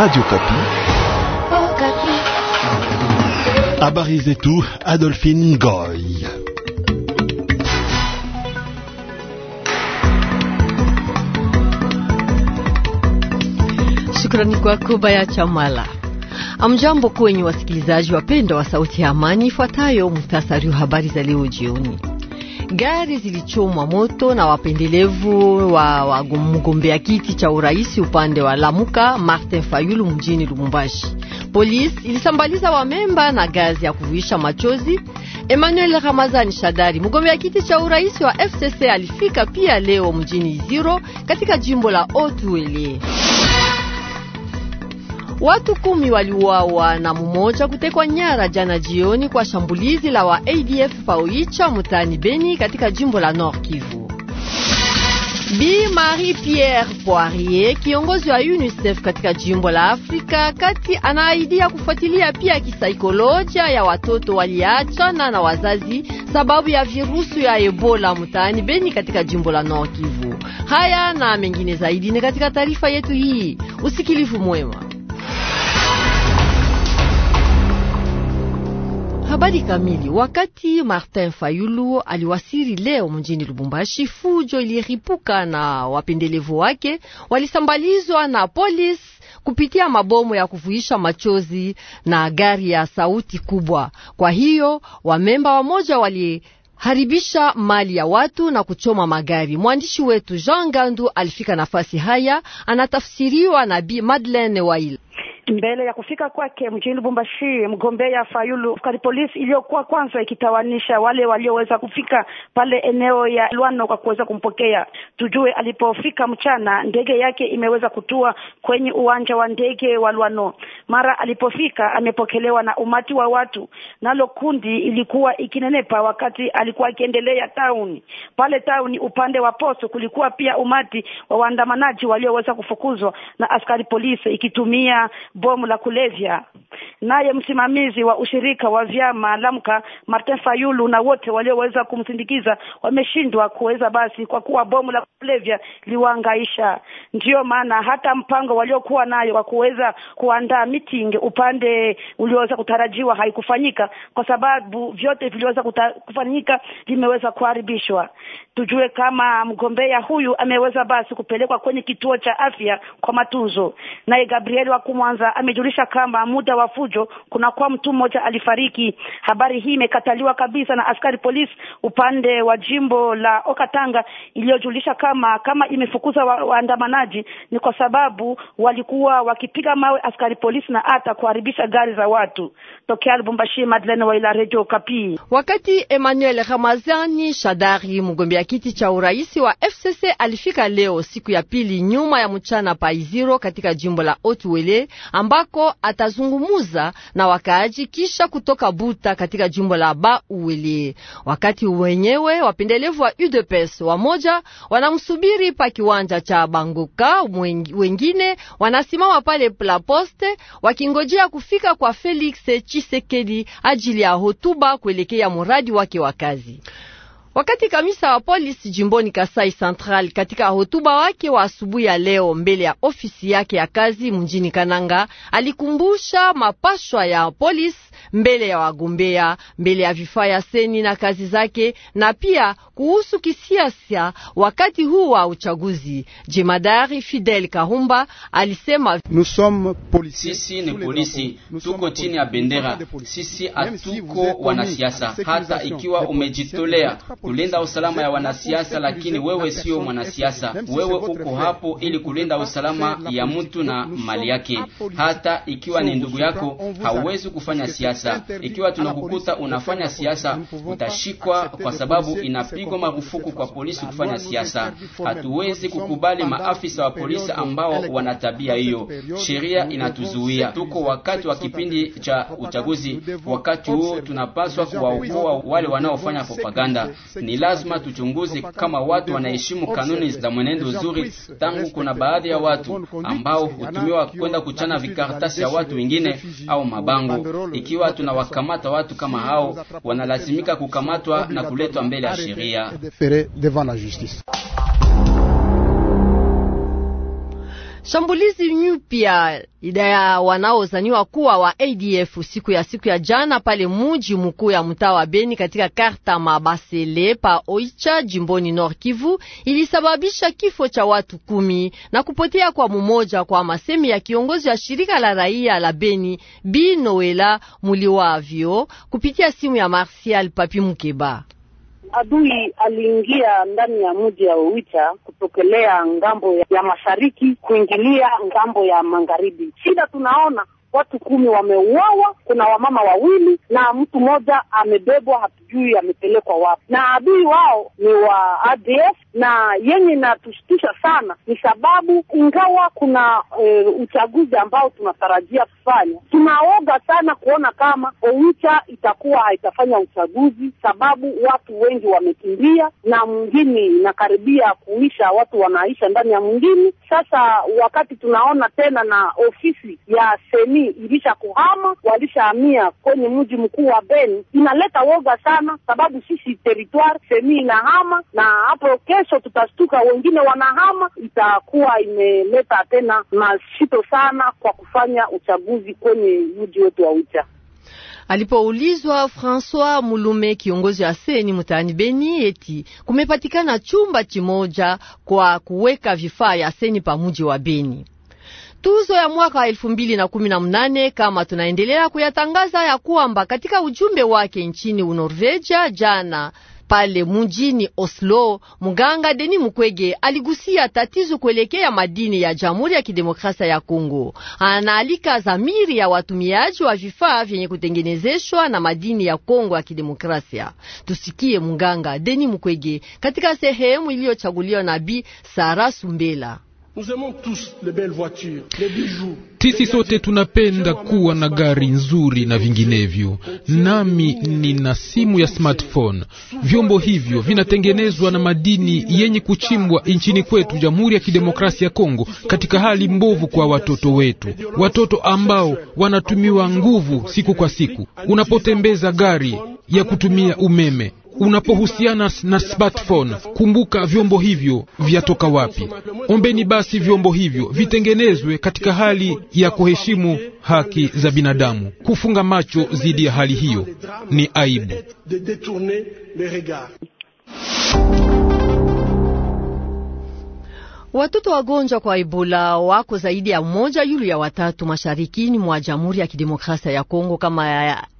Radio Kapi. Oh, Kapi. Habari zetu Adolphine Ngoy. Shukrani kwako Baya Chamala. Amjambo kwenye wasikilizaji wapendwa wa Sauti ya Amani, ifuatayo muhtasari wa habari za leo jioni. Gari zilichomwa moto na wapendelevu wa, wa mgombea kiti cha urais upande wa Lamuka Martin Fayulu mjini Lubumbashi. Polisi ilisambaliza wamemba na gazi ya kuvuisha machozi. Emmanuel Ramazani Shadari, mgombea kiti cha urais wa FCC, alifika pia leo mjini Iziro katika jimbo la Otuele. Watu kumi waliuawa na mmoja kutekwa nyara jana jioni kwa shambulizi la wa ADF Paoicha mtaani Beni katika jimbo la Nord Kivu. Bi Marie Pierre Poirier, kiongozi wa UNICEF katika jimbo la Afrika Kati, anaahidia kufuatilia pia kisaikolojia ya watoto waliachana na wazazi sababu ya virusi ya Ebola mtaani Beni katika jimbo la Nord Kivu. Haya na mengine zaidi ni katika taarifa yetu hii. Usikilifu mwema. Habari kamili. Wakati Martin Fayulu aliwasiri leo mjini Lubumbashi, fujo iliripuka na wapendelevu wake walisambalizwa na polisi kupitia mabomu ya kuvuisha machozi na gari ya sauti kubwa. Kwa hiyo wamemba wamoja waliharibisha mali ya watu na kuchoma magari. Mwandishi wetu Jean Gandu alifika nafasi haya, anatafsiriwa na Bi Madeleine Waila. Mbele ya kufika kwake mjini Lubumbashi, mgombea Fayulu askari polisi iliyokuwa kwanza ikitawanisha wale walioweza kufika pale eneo ya Lwano kwa kuweza kumpokea. Tujue alipofika mchana, ndege yake imeweza kutua kwenye uwanja wa ndege wa Lwano. Mara alipofika, amepokelewa na umati wa watu, nalo kundi ilikuwa ikinenepa wakati alikuwa akiendelea town pale town. Upande wa posto kulikuwa pia umati wa waandamanaji walioweza kufukuzwa na askari polisi ikitumia bomu la kulevya. Naye msimamizi wa ushirika wa vyama Lamka Martin Fayulu na wote walioweza kumsindikiza wameshindwa kuweza basi, kwa kuwa bomu la kulevya liwaangaisha. Ndiyo maana hata mpango waliokuwa nayo wa kuweza kuandaa meeting upande ulioweza kutarajiwa haikufanyika, kwa sababu vyote viliweza kufanyika vimeweza kuharibishwa. Tujue kama mgombea huyu ameweza basi kupelekwa kwenye kituo cha afya kwa matunzo. Naye Gabriel wa Kumwanza amejulisha kama muda wa fujo kwa mtu mmoja alifariki. Habari hii imekataliwa kabisa na askari polisi upande wa jimbo la Okatanga iliyojulisha kama kama kama imefukuza waandamanaji wa ni kwa sababu walikuwa wakipiga mawe askari polisi na hata kuharibisha gari za watu. Tokea Lubumbashi, Madeleine Waila, Radio Kapi. Wakati Emmanuel Ramazani Shadari mgombea kiti cha urais wa FCC alifika leo siku ya pili nyuma ya mchana Paiziro katika jimbo la Otuwele ambako atazungumuza na wakaaji kisha kutoka Buta katika jimbo la Ba Uwele. Wakati wenyewe wapendelevu wa UDPS wamoja wanam wanakusubiri pa kiwanja cha Banguka, wengine wanasimama pale la poste wakingojea kufika kwa Felix Chisekedi ajili ya hotuba kuelekea muradi wake wa kazi. Wakati kamisa wa polisi jimboni Kasai Central katika hotuba wake wa asubuhi ya leo mbele ya ofisi yake ya kazi mjini Kananga, alikumbusha mapashwa ya polisi mbele ya wagombea, mbele ya vifaa ya seni na kazi zake, na pia kuhusu kisiasa wakati huu wa uchaguzi. Jemadari Fidel Kahumba alisema, sisi ni polisi, tuko chini ya bendera, sisi hatuko wanasiasa, hata ikiwa umejitolea kulinda usalama ya wanasiasa, lakini wewe sio mwanasiasa. Wewe uko hapo ili kulinda usalama ya mtu na mali yake. Hata ikiwa ni ndugu yako, hauwezi kufanya siasa. Ikiwa tunakukuta unafanya siasa, utashikwa, kwa sababu inapigwa marufuku kwa polisi kufanya siasa. Hatuwezi kukubali maafisa wa polisi ambao wana tabia hiyo. Sheria inatuzuia. Tuko wakati wa kipindi cha uchaguzi. Wakati huo tunapaswa kuwaokoa wale wanaofanya propaganda. Ni lazima tuchunguze kama watu wanaheshimu kanuni za mwenendo zuri, tangu kuna baadhi ya watu ambao hutumiwa kwenda kuchana vikaratasi ya watu wengine au mabango. Ikiwa tunawakamata watu kama hao, wanalazimika kukamatwa na kuletwa mbele ya sheria. Shambulizi nyupya ya wanaozaniwa kuwa wa ADF siku ya siku ya jana pale muji mkuu ya mtaa wa Beni katika karta Mabasele pa Oicha jimboni Nord Kivu ilisababisha kifo cha watu kumi na kupotea kwa mumoja, kwa masemi ya kiongozi ya shirika la raia la Beni Bi Noela Muliwavyo kupitia simu ya Marsial Papi Mukeba. Adui aliingia ndani ya mji ya Owicha kutokelea ngambo ya mashariki kuingilia ngambo ya magharibi. Shida tunaona watu kumi wameuawa, kuna wamama wawili na mtu mmoja amebebwa hatujui amepelekwa wapi, na adui wao ni wa ADF, na yenye inatushtusha sana ni sababu, ingawa kuna e, uchaguzi ambao tunatarajia kufanya, tunaoga sana kuona kama Owicha itakuwa haitafanya uchaguzi, sababu watu wengi wamekimbia na mwingine inakaribia kuisha, watu wanaisha ndani ya mwingine. Sasa wakati tunaona tena na ofisi ya seni ilisha kuhama, walishahamia kwenye mji mkuu wa Beni, inaleta woga sana sana, sababu sisi territoire semi inahama, na hapo kesho tutashtuka wengine wanahama, itakuwa imeleta tena mashito sana kwa kufanya uchaguzi kwenye mji wetu wa Ucha. Alipoulizwa François Mulume, kiongozi wa seni mtaani Beni, eti kumepatikana chumba kimoja kwa kuweka vifaa ya seni pa wa Beni tuzo ya mwaka elfu mbili na kumi na mnane kama tunaendelea kuyatangaza ya kwamba katika ujumbe wake nchini Unorvegia jana pale mujini Oslo, mganga deni Mukwege aligusia tatizo kuelekea madini ya Jamhuri ya Kidemokrasia ya Kongo. Anaalika zamiri ya watumiaji wa vifaa vyenye kutengenezeshwa na madini ya Kongo ya Kidemokrasia. Tusikie mganga deni Mukwege katika sehemu iliyochaguliwa na Bi Sara Sumbela. Sisi sote tunapenda kuwa na gari nzuri na vinginevyo. Nami nina simu ya smartphone. Vyombo hivyo vinatengenezwa na madini yenye kuchimbwa nchini kwetu Jamhuri ya Kidemokrasia ya Kongo, katika hali mbovu kwa watoto wetu, watoto ambao wanatumiwa nguvu siku kwa siku. Unapotembeza gari ya kutumia umeme unapohusiana na smartphone, kumbuka vyombo hivyo vyatoka wapi. Ombeni basi vyombo hivyo vitengenezwe katika hali ya kuheshimu haki za binadamu. Kufunga macho dhidi ya hali hiyo ni aibu. Watoto wagonjwa kwa Ebola wako zaidi ya moja yulu ya watatu masharikini mwa Jamhuri ya Kidemokrasia ya Kongo kama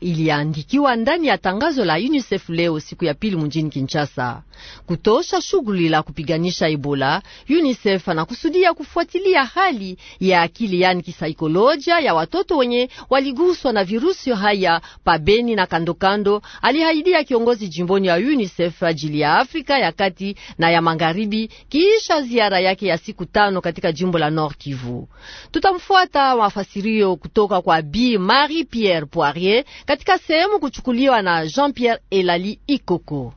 iliandikiwa ndani ya tangazo la UNICEF leo siku ya pili mjini Kinshasa. Kutosha shughuli la kupiganisha Ebola, UNICEF anakusudia kufuatilia hali ya akili, yani kisaikolojia ya watoto wenye waliguswa na virusi haya pabeni na kandokando, alihaidia kiongozi jimboni ya UNICEF ajili ya Afrika ya kati na ya magharibi, kisha ziara yake ya siku tano katika jimbo la Nord Kivu. Tutamfuata mafasirio kutoka kwa Bi Marie Pierre Poirier katika sehemu kuchukuliwa na Jean Pierre Elali Ikoko.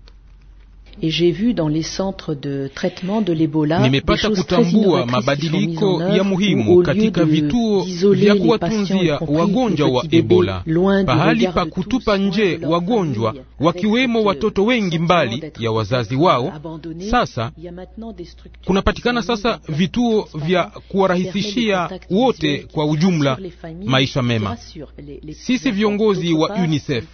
Et j'ai vu dans les centres de traitement de l'Ebola nimepata kutambua mabadiliko ya muhimu katika vituo vya kuwatunzia wagonjwa wa Ebola, pahali pa kutupa nje wagonjwa wakiwemo watoto wengi mbali ya wazazi wao. Sasa kunapatikana sasa vituo vya kuwarahisishia wote kwa ujumla maisha mema. Sisi viongozi wa UNICEF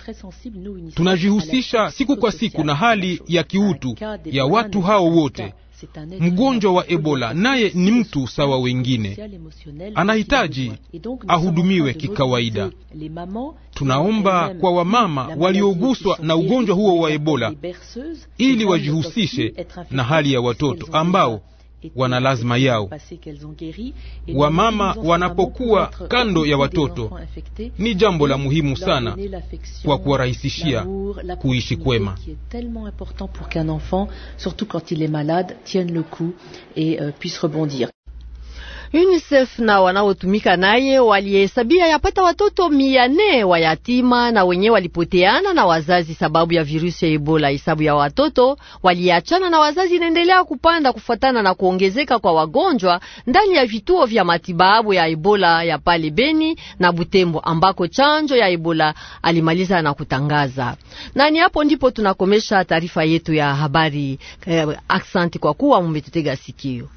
tunajihusisha siku kwa siku na hali ya kiu utu ya watu hao wote. Mgonjwa wa Ebola naye ni mtu sawa wengine, anahitaji ahudumiwe kikawaida. Tunaomba kwa wamama walioguswa na ugonjwa huo wa Ebola ili wajihusishe na hali ya watoto ambao wana lazima yao. Wamama wanapokuwa kando ya watoto ni jambo la muhimu sana kwa kuwarahisishia kuishi kwema. UNICEF na wanaotumika naye walihesabia yapata watoto mia nne wa yatima na wenye walipoteana na wazazi sababu ya virusi ya Ebola. Hesabu ya watoto waliachana na wazazi inaendelea kupanda kufuatana na kuongezeka kwa wagonjwa ndani ya vituo vya matibabu ya Ebola ya pale Beni na Butembo ambako chanjo ya Ebola alimaliza na kutangaza. Nani hapo ndipo tunakomesha taarifa yetu ya habari. Eh, asante kwa kuwa mumetutega sikio.